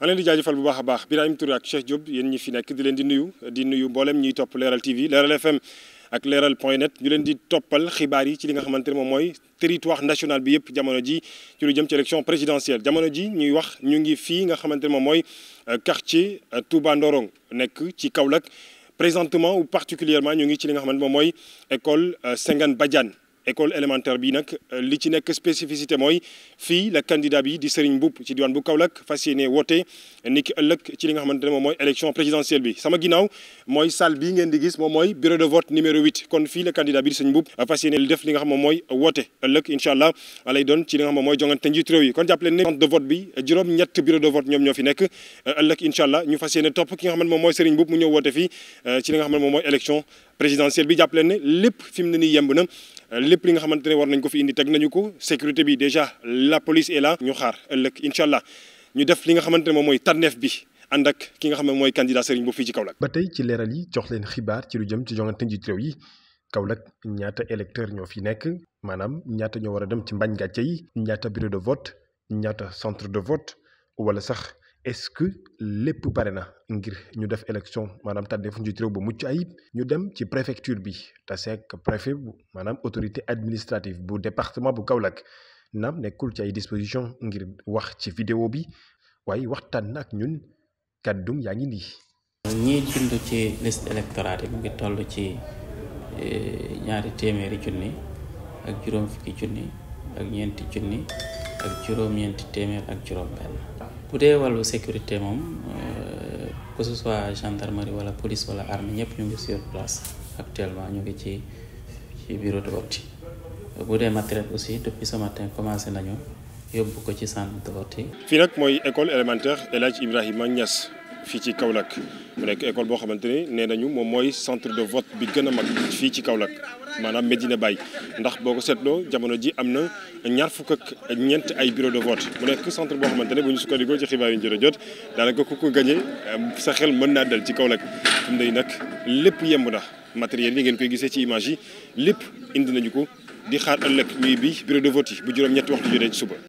ma leen di jaajëfal bu baax a baax Birahim Touré ak Cheikh Diop yéen ñi fi nekk di leen di nuyu di nuyu mboolem ñuy topp Leeral TV Leeral FM ak leeral point net ñu leen di toppal xibaar yi ci li nga xamante ne moom mooy territoire national bi yëpp jamono ji ci lu jëm ci élection présidentielle jamono ji ñuy wax ñu ngi fii nga xamante ne moom mooy euh, quartier euh, Touba Ndorong nekk ci Kaolack présentement ou particulièrement ñu ngi ci li nga xamante moom mooy école euh, Sengane Badiane école élémentaire bi nag euh, li ci nekk spécificité mooy fii la candidat bi di Serigne Mboup ci diwaan bu Kaolack fas yéene woote ni ki ëllëg ci li nga xamante ne moom mooy bi sama ginnaaw mooy salle bii ngeen di moom mooy bureau de vote numéro 8 kon fii la candidat bi di Serigne Mboup fas yéene def li nga xam moom woote ëllëg incha allah lay doon ci li nga xam moom mooy jongante njiitu réew yi kon jàpp leen ne centre de vote bi juróom ñett bureau de vote ñoom ñoo fi nekk euh, ëllëg incha allah ñu fas topp ki nga xam ne moom mooy Serigne Mboup mu ñëw woote fii euh, ci li nga xam ne moom mooy élection présidentielle bi lépp fi mu ne nii yemb na Euh, lépp li nga xamante ne war nañ ko fi indi teg nañu ko sécurité bi déjà la police est là ñu xaar ëllëg incha allah ñu def li nga xamante ne moom mooy tànneef bi ànd ki nga xam ne mooy candidat Serigne Mboup fii ci Kaolack. ba tey ci leeral yi jox leen xibaar ci lu jëm ci joŋante ji réew yi Kaolack ñaata électeur ñoo fi nekk maanaam ñaata ñoo war a dem ci mbañ gàcce yi ñaata bureau de vote ñaata centre de vote wala sax est-ce que lépp pare na ngir ñu def élection maanaam tànneef njiitu réew bu mucc ay ñu dem ci préfecture bi te seek préfet bu maanaam autorité administrative bu département bu Kaolack naam nekkul ci ay disposition ngir wax ci vidéo bi waaye waxtaan na ak ñun kàddum yaa ngi nii. ñii jund ci liste électorale yi mu ngi toll ci e, ñaari téeméeri junni ak juróom ñeenti junni ak juróom-ñeenti téeméer ak juróom-benn. bu dee wàllu sécurité moom euh, que ce soit gendarmerie wala police wala armée ñëpp ñu ngi sur place actuellement ñu ngi ci ci bureau de vote yi bu dee matériel aussi depuis ce matin commencé nañu yóbbu ko ci centre de vote fii nag mooy école élémentaire El Hadj Ibrahima Niass fii ci Kaolack mu nekk école boo xamante ni nee nañu moom mooy centre de vote bi gën a mag fii ci Kaolack. maanaam Medina Baye ndax boo ko seetloo jamono ji am na ñaar fukk ak ñeent ay bureau de vote mu nekk centre boo xamante ne bu ñu sukkandikoo ci xibaar yi ñu jot a jot daanaka ku ko gañe sa xel mën naa dal ci kaw lag fi mu ne nag lépp yemb na matériel yi ngeen koy gisee ci image yi lépp indi nañu ko di xaar ëllëg ñuy bi bureau de vote yi bu juróom-ñetti waxtu jotee ci suba.